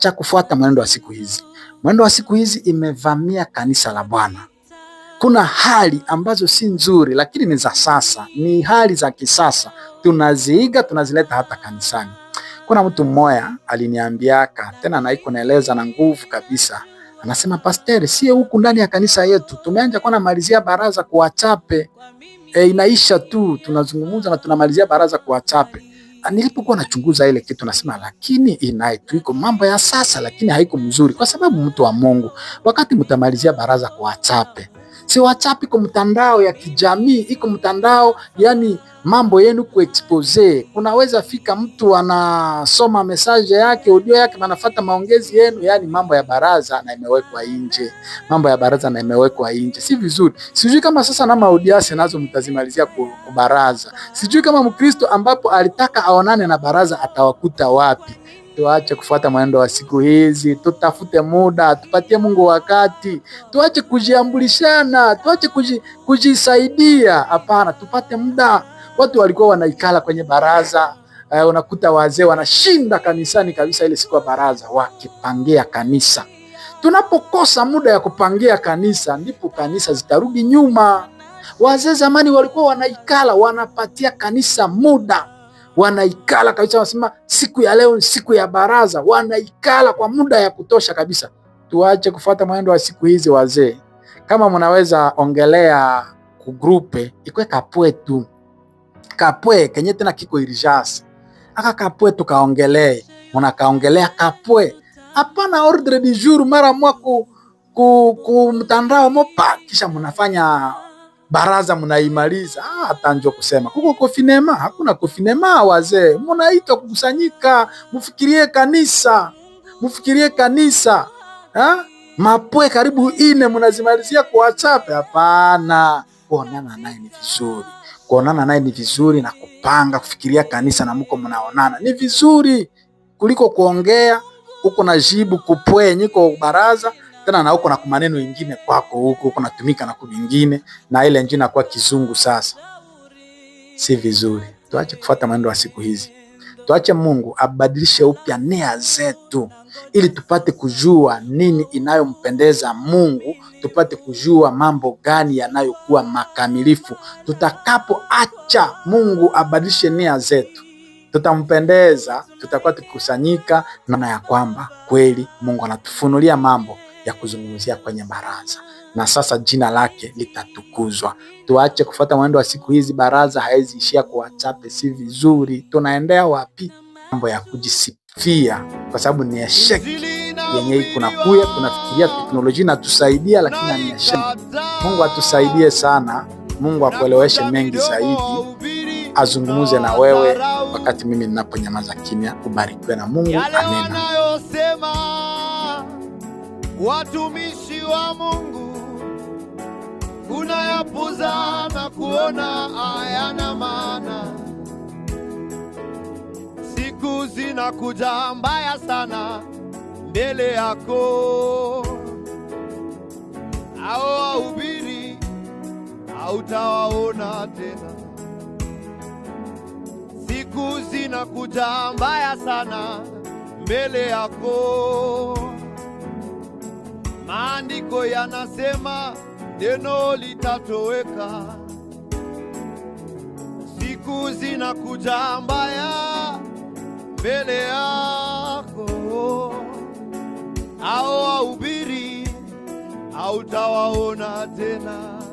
cha kufuata mwenendo wa siku hizi. Mwenendo wa siku hizi imevamia kanisa la Bwana. Kuna hali ambazo si nzuri, lakini ni za sasa, ni hali za kisasa, tunaziiga tunazileta hata kanisani. Kuna mtu mmoja aliniambiaka tena, naiko naeleza na nguvu kabisa, anasema pasteri, sie huku ndani ya kanisa yetu tumeanja kuwa namalizia baraza kuwachape. E, inaisha tu tunazungumza na tunamalizia baraza kuwachape nilipokuwa nachunguza ile kitu nasema, lakini inaitu iko mambo ya sasa, lakini haiko mzuri, kwa sababu mtu wa Mungu, wakati mtamalizia baraza chape si wachapi iko mtandao ya kijamii, iko mtandao yani mambo yenu kuexpose. Unaweza fika mtu anasoma mesaje yake audio yake anafata maongezi yenu, yani mambo ya baraza na imewekwa nje, mambo ya baraza na imewekwa nje, si vizuri. Sijui kama sasa na maudiasi nazo mtazimalizia kubaraza, sijui kama Mkristo ambapo alitaka aonane na baraza atawakuta wapi? tuache kufuata mwenendo wa siku hizi, tutafute muda, tupatie Mungu wakati, tuache kujiambulishana, tuache kuji, kujisaidia. Hapana, tupate muda. Watu walikuwa wanaikala kwenye baraza eh, unakuta wazee wanashinda kanisani kabisa ile siku ya baraza wakipangia kanisa. Tunapokosa muda ya kupangia kanisa, ndipo kanisa zitarudi nyuma. Wazee zamani walikuwa wanaikala wanapatia kanisa muda wanaikala kabisa, wanasema siku ya leo ni siku ya baraza, wanaikala kwa muda ya kutosha kabisa. Tuache kufuata mwendo wa siku hizi wazee. Kama mnaweza ongelea kugrupe ikwe kapwe tu kapwe kenye tena kiko irijasi aka kapwe tukaongelee, mnakaongelea kapwe, hapana ordre du jour mara mwa ku, ku, ku mtandao mopa, kisha mnafanya baraza mnaimaliza. Ah, hata njo kusema kuko kofinema, hakuna kofinema. Wazee munaitwa kukusanyika, mufikirie kanisa, mufikirie kanisa ha? Mapwe karibu ine mnazimalizia kuwachape? Hapana, kuonana naye ni vizuri, kuonana naye ni vizuri na kupanga kufikiria kanisa na mko mnaonana ni vizuri kuliko kuongea huko na jibu kupwe nyiko baraza tena na huko na maneno mengine kwako huko natumika na kwingine, na ile njina kwa kizungu. Sasa si vizuri, tuache kufuata maneno ya siku hizi, tuache Mungu abadilishe upya nia zetu, ili tupate kujua nini inayompendeza Mungu, tupate kujua mambo gani yanayokuwa makamilifu. Tutakapoacha Mungu abadilishe nia zetu tutampendeza, tutakuwa tukikusanyika, naona ya kwamba kweli Mungu anatufunulia mambo ya kuzungumzia kwenye baraza, na sasa jina lake litatukuzwa. Tuache kufuata mwendo wa siku hizi, baraza haezi ishia kwa si vizuri. Tunaendea wapi? Mambo ya kujisifia, kwa sababu ni esheki yenye kunakuya Tunafikiria teknolojia inatusaidia, lakini ni esheki. Mungu atusaidie sana, Mungu akueleweshe mengi zaidi, azungumuze na wewe wakati mimi ninaponyamaza kimya. Ubarikiwe na Mungu, amina watumishi wa Mungu unayapuza na kuona hayana maana. Siku zinakuja mbaya sana mbele yako, ao wahubiri hautawaona tena. Siku zinakuja mbaya sana mbele yako Maandiko yanasema neno litatoweka, siku zinakuja mbaya mbele yako, au wahubiri hautawaona tena.